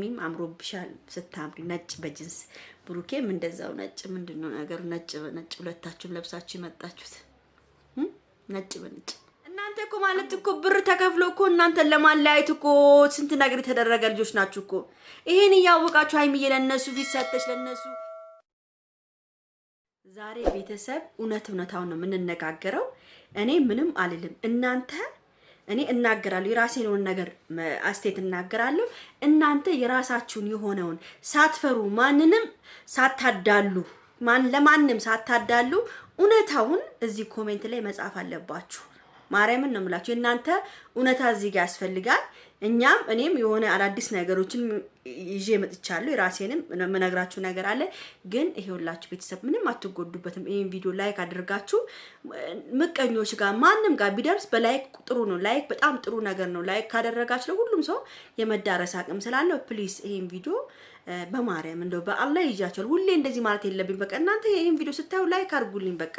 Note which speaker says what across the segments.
Speaker 1: ሚም አምሮብሻል ስታምሪ ነጭ በጅንስ ብሩኬም እንደዛው ነጭ። ምንድን ነው ነገሩ? ነጭ በነጭ ሁለታችሁም ለብሳችሁ የመጣችሁት ነጭ በነጭ እናንተ እኮ ማለት እኮ ብር ተከፍሎ እኮ እናንተን ለማለያየት እኮ ስንት ነገር የተደረገ ልጆች ናችሁ እኮ። ይሄን እያወቃችሁ ሀይሚዬ ለእነሱ ፊት ሰጠች ዛሬ ቤተሰብ እውነት እውነታውን ነው የምንነጋገረው። እኔ ምንም አልልም እናንተ እኔ እናገራለሁ የራሴን የሆነ ነገር አስቴት እናገራለሁ። እናንተ የራሳችሁን የሆነውን ሳትፈሩ ማንንም ሳታዳሉ ማን ለማንም ሳታዳሉ እውነታውን እዚህ ኮሜንት ላይ መጻፍ አለባችሁ። ማርያምን ነው የምላችሁ። እናንተ እውነታ እዚህ ጋር ያስፈልጋል። እኛም እኔም የሆነ አዳዲስ ነገሮችን ይዤ መጥቻለሁ። የራሴንም የምነግራችሁ ነገር አለ። ግን ይሄውላችሁ ቤተሰብ ምንም አትጎዱበትም። ይህን ቪዲዮ ላይክ አድርጋችሁ ምቀኞች ጋር ማንም ጋር ቢደርስ በላይክ ጥሩ ነው። ላይክ በጣም ጥሩ ነገር ነው። ላይክ ካደረጋችሁ ሁሉም ሰው የመዳረስ አቅም ስላለው ፕሊስ ይህን ቪዲዮ በማርያም እንደው በአላህ ይዣችኋል። ሁሌ እንደዚህ ማለት የለብኝ። በቃ እናንተ ይህን ቪዲዮ ስታዩ ላይክ አድርጉልኝ። በቃ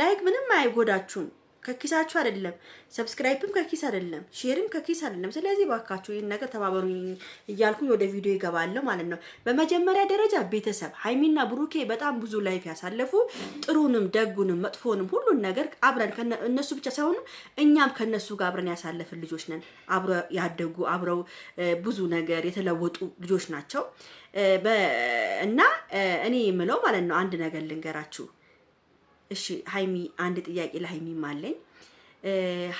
Speaker 1: ላይክ ምንም አይጎዳችሁም። ከኪሳችሁ አይደለም፣ ሰብስክራይብም ከኪስ አይደለም፣ ሼርም ከኪስ አይደለም። ስለዚህ ባካችሁ ይህን ነገር ተባበሩ እያልኩኝ ወደ ቪዲዮ ይገባለሁ ማለት ነው። በመጀመሪያ ደረጃ ቤተሰብ ሀይሚና ብሩኬ በጣም ብዙ ላይፍ ያሳለፉ ጥሩንም፣ ደጉንም፣ መጥፎንም ሁሉን ነገር አብረን እነሱ ብቻ ሳይሆኑ እኛም ከነሱ ጋር አብረን ያሳለፍን ልጆች ነን። አብረ ያደጉ አብረው ብዙ ነገር የተለወጡ ልጆች ናቸው እና እኔ የምለው ማለት ነው አንድ ነገር ልንገራችሁ እሺ ሀይሚ አንድ ጥያቄ ለሀይሚም አለኝ።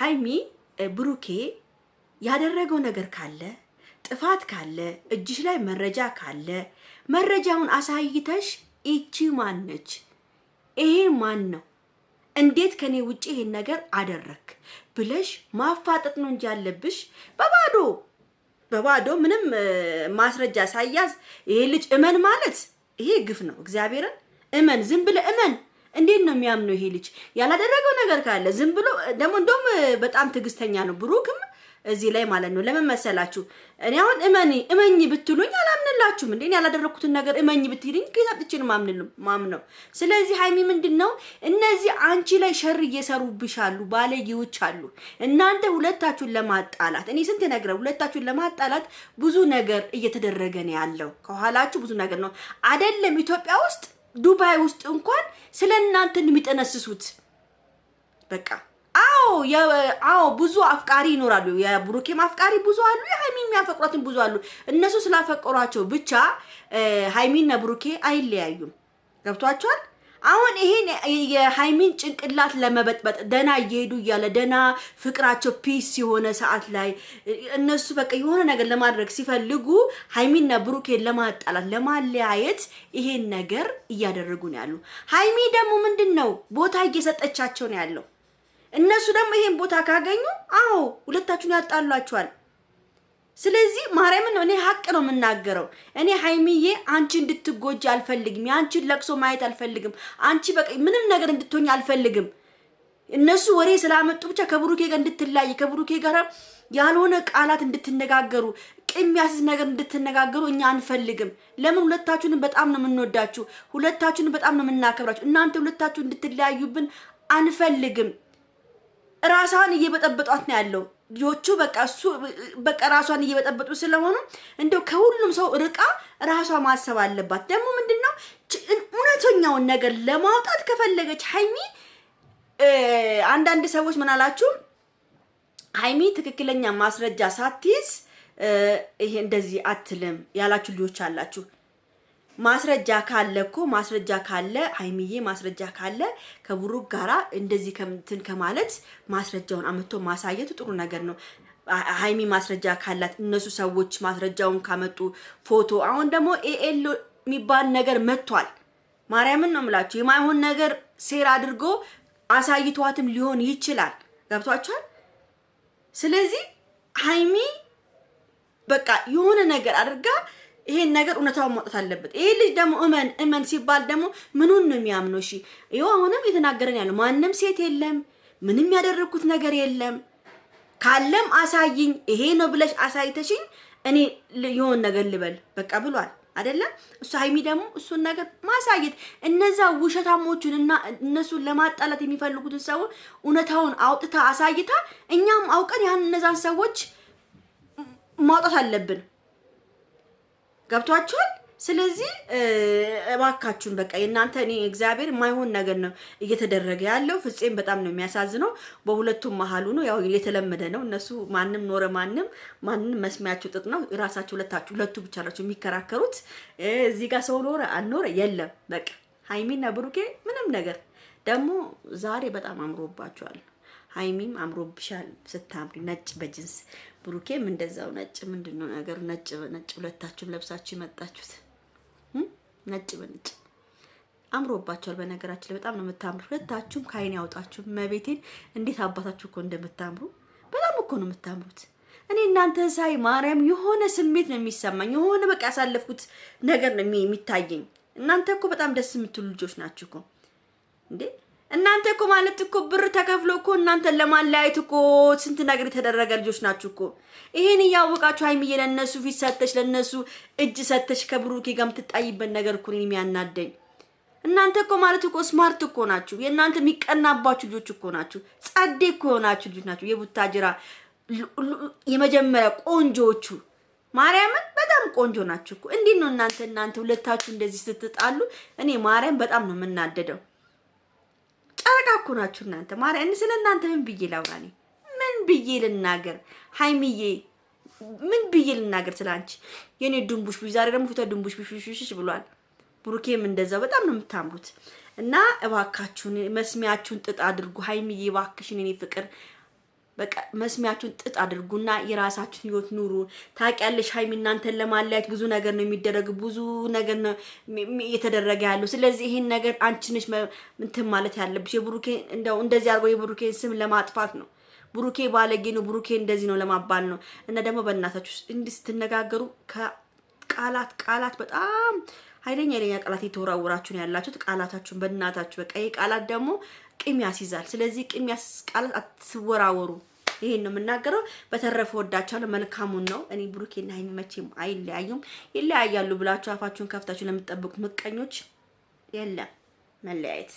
Speaker 1: ሀይሚ ብሩኬ ያደረገው ነገር ካለ ጥፋት ካለ እጅሽ ላይ መረጃ ካለ መረጃውን አሳይተሽ ይቺ ማን ነች? ይሄ ማን ነው? እንዴት ከኔ ውጭ ይሄን ነገር አደረክ ብለሽ ማፋጠጥ ነው እንጂ ያለብሽ በባዶ በባዶ ምንም ማስረጃ ሳያዝ ይሄ ልጅ እመን ማለት ይሄ ግፍ ነው። እግዚአብሔርን እመን፣ ዝም ብለህ እመን እንዴት ነው የሚያምነው ይሄ ልጅ? ያላደረገው ነገር ካለ ዝም ብሎ ደግሞ እንደውም በጣም ትዕግስተኛ ነው ብሩክም እዚህ ላይ ማለት ነው። ለምን መሰላችሁ? እኔ አሁን እመኒ እመኝ ብትሉኝ አላምንላችሁም። እንዴ እኔ ያላደረኩትን ነገር እመኝ ብትይልኝ ከዛጥችን ማም ነው። ስለዚህ ሀይሚ ምንድን ነው እነዚህ አንቺ ላይ ሸር እየሰሩብሽ አሉ፣ ባለጌዎች አሉ። እናንተ ሁለታችሁን ለማጣላት እኔ ስንት ነገር ሁለታችሁን ለማጣላት ብዙ ነገር እየተደረገ ነው ያለው። ከኋላችሁ ብዙ ነገር ነው አይደለም ኢትዮጵያ ውስጥ ዱባይ ውስጥ እንኳን ስለ እናንተ የሚጠነስሱት በቃ አዎ አዎ፣ ብዙ አፍቃሪ ይኖራሉ። የብሩኬም አፍቃሪ ብዙ አሉ። የሀይሚ የሚያፈቅሯትን ብዙ አሉ። እነሱ ስላፈቀሯቸው ብቻ ሀይሚና ብሩኬ አይለያዩም። ገብቷቸዋል። አሁን ይሄን የሃይሚን ጭንቅላት ለመበጥበጥ ደና እየሄዱ እያለ ደና ፍቅራቸው ፒስ የሆነ ሰዓት ላይ እነሱ በቃ የሆነ ነገር ለማድረግ ሲፈልጉ ሃይሚና ብሩኬን ለማጣላት ለማለያየት ይሄን ነገር እያደረጉ ነው ያሉ። ሃይሚ ደግሞ ምንድን ነው ቦታ እየሰጠቻቸው ነው ያለው። እነሱ ደግሞ ይሄን ቦታ ካገኙ አዎ ሁለታችሁን ያጣሏቸዋል። ስለዚህ ማርያምን እኔ ሀቅ ነው የምናገረው። እኔ ሀይሚዬ አንቺ እንድትጎጂ አልፈልግም። የአንቺን ለቅሶ ማየት አልፈልግም። አንቺ በቃ ምንም ነገር እንድትሆኝ አልፈልግም። እነሱ ወሬ ስላመጡ ብቻ ከብሩኬ ጋር እንድትለያይ ከብሩኬ ጋር ያልሆነ ቃላት እንድትነጋገሩ ቂም ያስይዝ ነገር እንድትነጋገሩ እኛ አንፈልግም። ለምን ሁለታችሁንም በጣም ነው የምንወዳችሁ፣ ሁለታችሁንም በጣም ነው የምናከብራችሁ። እናንተ ሁለታችሁ እንድትለያዩብን አንፈልግም። ራሷን እየበጠበጧት ነው ያለው። ልጆቹ በቃ እሱ በቃ ራሷን እየበጠበጡ ስለሆኑ እንደው ከሁሉም ሰው ርቃ ራሷ ማሰብ አለባት። ደግሞ ምንድን ነው እውነተኛውን ነገር ለማውጣት ከፈለገች ሀይሚ አንዳንድ ሰዎች ምን አላችሁ? ሀይሚ ትክክለኛ ማስረጃ ሳትይዝ ይሄ እንደዚህ አትልም ያላችሁ ልጆች አላችሁ። ማስረጃ ካለ እኮ ማስረጃ ካለ ሀይሚዬ ማስረጃ ካለ ከብሩክ ጋራ እንደዚህ ከምትን ከማለት ማስረጃውን አመቶ ማሳየቱ ጥሩ ነገር ነው። ሀይሚ ማስረጃ ካላት እነሱ ሰዎች ማስረጃውን ካመጡ ፎቶ፣ አሁን ደግሞ ኤኤል የሚባል ነገር መጥቷል። ማርያምን ነው ምላቸው። የማይሆን ነገር ሴራ አድርጎ አሳይቷትም ሊሆን ይችላል። ገብቷችኋል? ስለዚህ ሀይሚ በቃ የሆነ ነገር አድርጋ ይሄን ነገር እውነታውን ማውጣት አለበት። ይሄ ልጅ ደግሞ እመን እመን ሲባል ደግሞ ምኑን ነው የሚያምነው? እሺ ይኸው አሁንም የተናገረን ያለው ማንም ሴት የለም፣ ምንም ያደረግኩት ነገር የለም። ካለም አሳይኝ፣ ይሄ ነው ብለሽ አሳይተሽኝ እኔ የሆን ነገር ልበል በቃ ብሏል አይደለም እሱ ሀይሚ ደግሞ እሱን ነገር ማሳየት እነዛ ውሸታሞቹን እና እነሱን ለማጣላት የሚፈልጉትን ሰው እውነታውን አውጥታ አሳይታ እኛም አውቀን ያን እነዛን ሰዎች ማውጣት አለብን። ገብቷችኋል። ስለዚህ እባካችሁን በቃ የእናንተ እኔ እግዚአብሔር የማይሆን ነገር ነው እየተደረገ ያለው። ፍፄም በጣም ነው የሚያሳዝነው። በሁለቱም መሀል ሆኖ ያው የተለመደ ነው። እነሱ ማንም ኖረ ማንም ማንም መስሚያቸው ጥጥ ነው። ራሳቸው ሁለታችሁ ሁለቱ ብቻ ናቸው የሚከራከሩት። እዚህ ጋር ሰው ኖረ አልኖረ የለም። በቃ ሀይሚና ብሩኬ ምንም ነገር ደግሞ ዛሬ በጣም አምሮባቸዋል። ሀይሚም አምሮብሻል ስታምሪ ነጭ በጅንስ ብሩኬም እንደዛው ነጭ። ምንድን ነው ነገሩ? ነጭ በነጭ ሁለታችሁም ለብሳችሁ የመጣችሁት ነጭ በነጭ አምሮባቸዋል። በነገራችን ላይ በጣም ነው የምታምሩ ሁለታችሁም። ከአይን ያውጣችሁ መቤቴን። እንዴት አባታችሁ እኮ እንደምታምሩ በጣም እኮ ነው የምታምሩት። እኔ እናንተ ሳይ ማርያም የሆነ ስሜት ነው የሚሰማኝ። የሆነ በቃ ያሳለፍኩት ነገር ነው የሚታየኝ። እናንተ እኮ በጣም ደስ የምትሉ ልጆች ናችሁ እኮ እንዴ እናንተ እኮ ማለት እኮ ብር ተከፍሎ እኮ እናንተን ለማለያየት እኮ ስንት ነገር የተደረገ ልጆች ናችሁ እኮ። ይሄን እያወቃችሁ ሀይሚዬ ለእነሱ ፊት ሰተሽ ለእነሱ እጅ ሰተሽ ከብሩኬ ጋር የምትጣይበት ነገር እኮ እኔን የሚያናደኝ እናንተ እኮ ማለት እኮ ስማርት እኮ ናችሁ። የእናንተ የሚቀናባችሁ ልጆች እኮ ናችሁ። ጸዴ እኮ የሆናችሁ ልጆች ናችሁ። የቡታጅራ የመጀመሪያ ቆንጆቹ ማርያምን በጣም ቆንጆ ናችሁ እኮ። እንዲህ ነው እናንተ እናንተ ሁለታችሁ እንደዚህ ስትጣሉ? እኔ ማርያም በጣም ነው የምናደደው። ጨረቃ እኮ ናችሁ እናንተ። ማርያም ስለ እናንተ ምን ብዬ ላውራ? እኔ ምን ብዬ ልናገር? ሀይሚዬ ምን ብዬ ልናገር ስለ አንቺ? የእኔ ድንቡሽ ቡሽ፣ ዛሬ ደግሞ ፊቷ ድንቡሽ ቡሽ ብሏል። ብሩኬም እንደዛው በጣም ነው የምታምሩት። እና እባካችሁን መስሚያችሁን ጥጥ አድርጉ። ሀይሚዬ እባክሽን እኔ ፍቅር በቃ መስሚያችሁን ጥጥ አድርጉና የራሳችሁን ህይወት ኑሩ። ታውቂያለሽ ሀይሚ፣ እናንተን ለማለያየት ብዙ ነገር ነው የሚደረግ፣ ብዙ ነገር ነው እየተደረገ ያለው። ስለዚህ ይህን ነገር አንቺ ነሽ እንትን ማለት ያለብሽ። የብሩኬ እንደው እንደዚህ አድርጎ የብሩኬን ስም ለማጥፋት ነው። ብሩኬ ባለጌ ነው፣ ብሩኬ እንደዚህ ነው ለማባል ነው። እና ደግሞ በእናታችሁ እንዲህ ስትነጋገሩ ከቃላት ቃላት በጣም ኃይለኛ ኃይለኛ ቃላት የተወራወራችሁ ነው ያላችሁት። ቃላታችሁን በእናታችሁ በቃ ይህ ቃላት ደግሞ ቂም ያስይዛል። ስለዚህ ቂም ቃላት አትወራወሩ። ይሄን ነው የምናገረው። በተረፈ ወዳቸዋለሁ። መልካሙን ነው እኔ ብሩኬና ሀይሚ መቼም አይለያዩም። ይለያያሉ ብላችሁ አፋችሁን ከፍታችሁ ለምትጠብቁ ምቀኞች የለም መለያየት